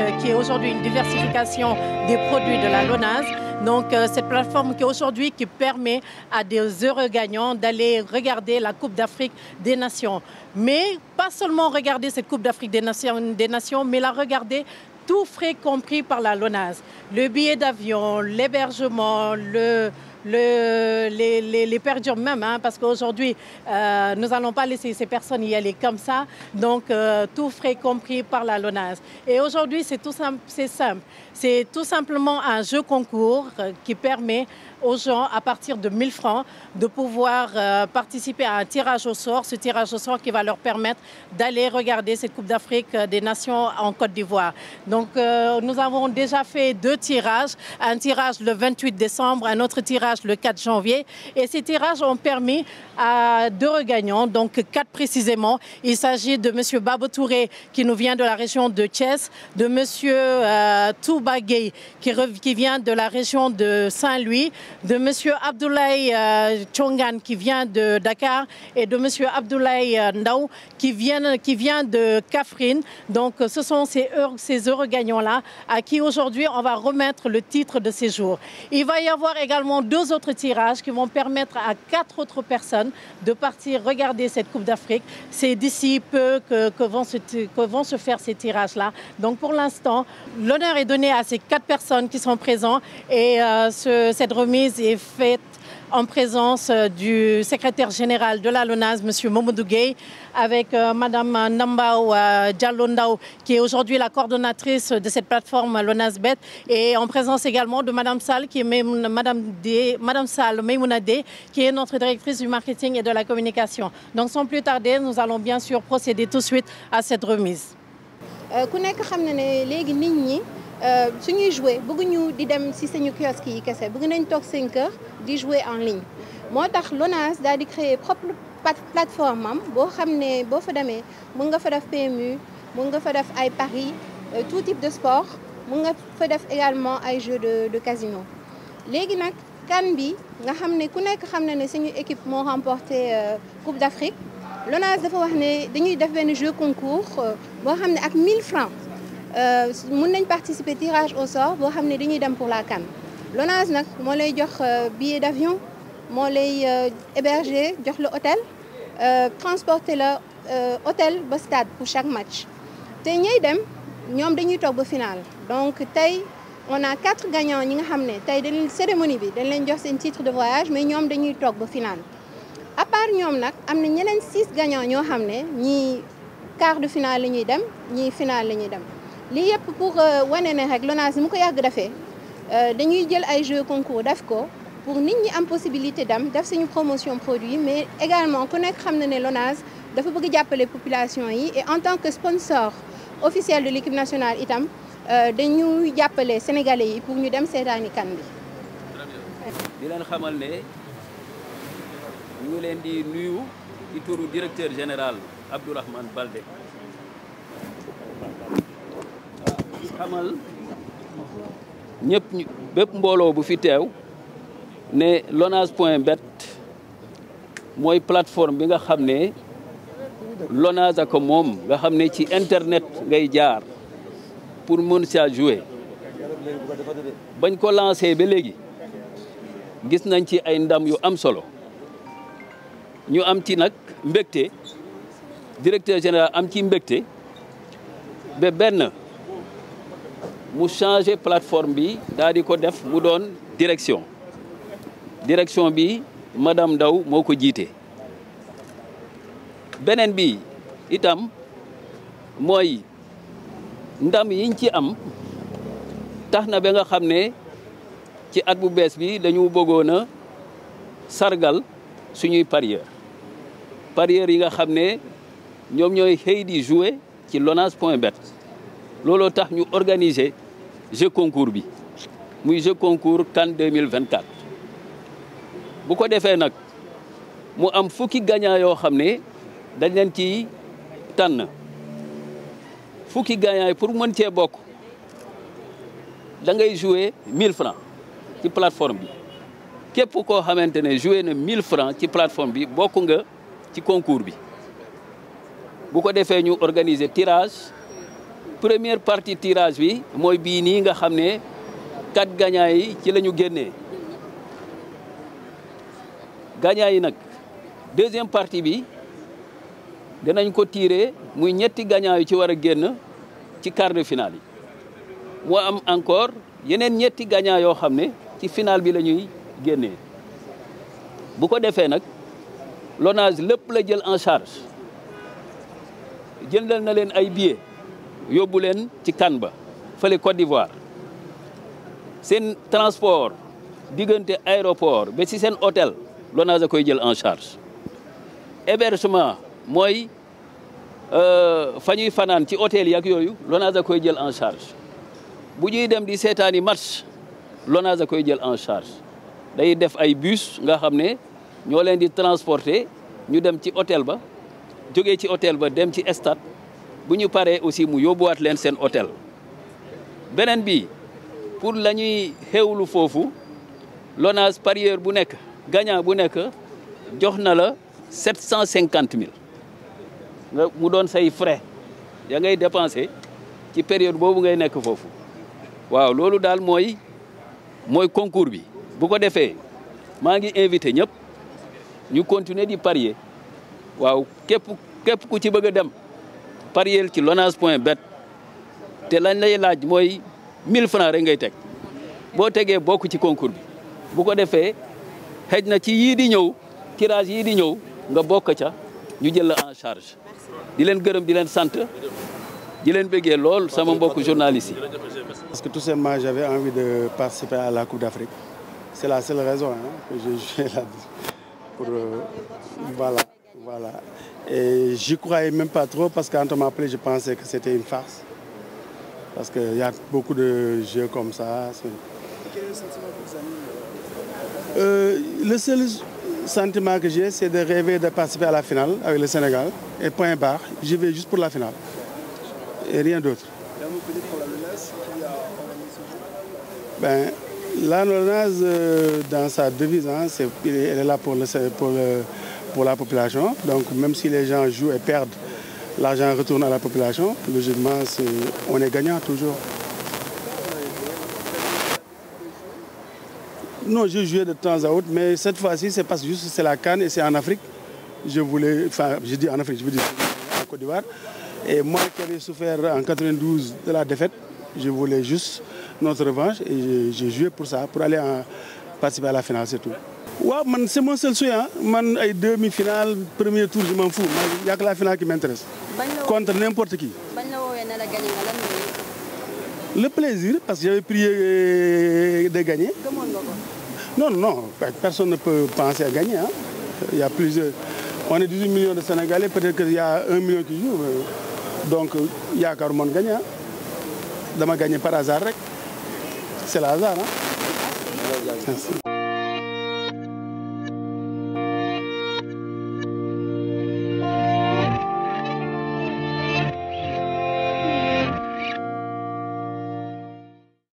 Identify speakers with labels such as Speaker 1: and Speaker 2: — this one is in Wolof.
Speaker 1: Euh, qui est aujourd'hui une diversification des produits de la LONASE. Donc euh, cette plateforme qui permet à des heureux gagnants d'aller regarder la Coupe d'Afrique des Nations. Mais pas seulement regarder cette Coupe d'Afrique des Nations, mais la regarder tout frais compris par la LONASE. Le billet d'avion, l'hébergement, le, le, les, les, les perdure même, hein, parce qu'aujourd'hui, euh, nous n'allons pas laisser ces personnes y aller comme euh, tout frais compris par la LONAS. Et aujourd'hui, tout simple, c'est simple. C'est tout simplement un jeu concours euh, qui permet aux gens, à partir de 1000 francs, de pouvoir euh, participer à un tirage au sort, ce tirage au sort qui va leur permettre d'aller regarder euh, en Côte le 28 décembre, un autre tirages le 4 janvier. Et ces tirages ont permis à deux donc quatre précisément. Il s'agit de M. Babo Touré qui nous vient de la région de Thiès, de M. Euh, Toubagay qui, qui, vient de la région de Saint-Louis, de M. Abdoulaye euh, Chongan qui vient de Dakar et de M. Abdoulaye euh, Ndao qui vient, qui vient de Kafrine. Donc ce sont ces heureux, ces heureux gagnants-là à qui aujourd'hui on va remettre le titre de séjour. Il va y avoir également deux autres tirages qui vont permettre à quatre autres personnes de partir regarder cette Coupe d'Afrique. C'est d'ici peu que, que, vont se, que vont se faire ces tirages-là. Donc pour l'instant, l'honneur est donné à ces quatre personnes qui sont présentes et euh, ce, cette remise est faite en présence euh, du secrétaire général de la LONASE, M. Momodou Gueye, avec euh, Mme Nambao euh, Djalondao, qui est aujourd'hui la coordonnatrice de cette plateforme LONASBET, et en présence également de Mme Sall, qui est Mme, D, Mme Sall Meymounadé, qui est notre directrice du marketing et de la communication. Donc sans plus tarder, nous allons bien sûr procéder tout de suite à cette remise.
Speaker 2: Euh, Euh, suñuy jouer bëgguñu di dem si suñu kiosque yi kese bëgg nañ toog seen di jouer en ligne moo tax LONASE daal di créer propre plateforme am boo xam ne boo fa demee mën nga fa def PMU mën nga fa def ay paris euh, tout type de sport mun nga fa def également ay jeux de de casino léegi nag kan bi nga xam ne ku nekk xam na ne suñu équipe moo remporté euh, Coupe d'Afrique LONASE dafa wax ne dañuy def benn jeu concours boo xam ne ak mille francs Euh, mun nañ participer tirage au sort boo xam ne dañuy dem pour la CAN LONASE nag moo lay jox euh, billet d'avion moo lay euh, héberger jox la hôtel transporter la hôtel ba stade pour chaque match te ñay dem ñoom dañuy toog ba final donc tey on a quatre gagnants ñi nga xam ne tey dañ cérémonie bi dañ leen jox seen titre de voyage mais ñoom dañuy toog ba final à part ñoom nag am na ñeneen six gagnants ñoo xam ne ñii quart de finale la ñuy dem ñii finale la ñuy dem lii yëpp pour euh, wane na rek LONASE ni mu ko yàgg defee euh, dañuy jël ay jeux concours def ko pour nit ñi am possibilité dam def suñu promotion produit mais également ku nekk xam na ne LONASE dafa bëgg jàppale population yi et en tant que sponsor officiel de l'équipe nationale itam euh, dañuy jàppale sénégalais yi pour ñu dem seetaani kan bi.
Speaker 3: di leen xamal ne ñu leen di nuyu ci turu directeur général Abdourahmane Baldé. xamal mbooloo bu fi teew ne lonase point bet mooy plateforme bi nga xam ne lonase ak moom nga xam ne ci internet ngay jaar pour mën saa jouer bañ ko lancé ba léegi gis nañ ci ay ndam yu am solo ñu am ci nag mbégte directeur général am ci mbégte ba benn mu changé plateforme bi daal di ko def mu doon direction direction bi madame Ndaw moo ko jiite beneen bi itam mooy ndam yiñ ci am tax na ba nga xam ne ci at bu bees bi dañu bëggoon a sargal suñuy parieur parieur yi nga xam ne ñoom ñooy xëy di jouer ci lonage point bet looloo tax ñu organiser jeu concours bi muy jeu concours CAN 2024 bu ko defee nag mu am fukki gagnant yoo xam ne dañ leen ci tànn fukki gagnant yi pour mën cee bokk da ngay jouer 1000 francs ci plateforme bi képp koo xamante ne jouer na 1000 francs ci plateforme bi bokk nga ci concours bi bu ko defee ñu organiser tirage première partie tirage bi mooy bii nii nga xam ne quatre gagnants yi ci la ñu génnee gagnants yi nag deuxième partie bi danañ ko tiire muy ñetti gagnants yu ci war a génn ci quart de finale moo am encore yeneen ñetti gagnants yoo xam ne ci finale bi la ñuy génnee bu ko defee nag l'ONAS lépp la jël en charge jëndal na leen ay billets yóbbu leen ci kan ba fële Côte d'Ivoire seen transport diggante aéroport ba ci seen hôtel Lonase a koy jël en charge hébergement mooy euh, fa ñuy fanaan ci hôtel yi ak yooyu Lonase a koy jël en charge bu ñuy dem di seetaani match Lonase a koy jël en charge day def ay bus nga xam ne ñoo leen di transporter ñu dem ci hôtel ba jógee ci hôtel ba dem ci stade bu ñu paree aussi mu yóbbuwaat leen seen hôtel beneen bi pour la ñuy xewlu foofu LONASE parieur bu nekk gagnant bu nekk jox na la sept cent cinquante mille mu doon say fre ya ngay dépenser ci période boobu ngay nekk foofu waaw loolu daal mooy mooy concours bi bu ko defee maa ngi invité ñëpp ñu continuer di parier waaw képp képp ku ci bëgg a dem pariel ci lonase point bet te la lay laaj mooy mille francs rek ngay teg boo tegee bokk ci concours bi bu ko defee xëj na ci yii di ñëw tirage yii di ñëw nga bokk ca ñu jël la en charge di leen gërëm di leen sant di leen bëggee lool sama mbokk journaliste yi. parce
Speaker 4: que tout simplement j'avais envie de participer à la Coupe d'Afrique c'est la seule raison hein, que j'ai joué là euh, voilà. Voilà. Et j'y croyais même pas trop parce que quand on m'a appelé, je pensais que c'était une farce. Parce qu'il y a beaucoup de jeux comme ça. Quel est le euh? Euh, sentiment que j'ai, c'est de rêver de participer à la finale avec le Sénégal. Et point barre, j'y vais juste pour la finale. Et rien d'autre. Ben, euh, dans sa devise, elle est là pour le pour la population. Donc même si les gens jouent et perdent, l'argent retourne à la population. Logiquement, est, on est gagnant toujours. Non, je jouais de temps à autre, mais cette fois-ci, c'est parce que juste c'est la Cannes et c'est en Afrique. Je voulais, en Afrique, je veux souffert en de la défaite, je voulais juste notre revanche et j'ai joué pour ça, pour aller participer à la finale c'est tout. waaw man c'est mon seul souhait ay demi-finale premier tour je m'en fous man yàgg la finale qui m'intéresse contre n'importe qui. le plaisir parce que j'avais prié euh, de gagner. non non personne ne peut penser à gagner ah. y a plusieurs on est 18 millions de Sénégalais peut-être qu'il y a 1 million qui joue donc yaakaaruma woon gagner dama gagner par hasard rek c'est la hasard
Speaker 3: Merci.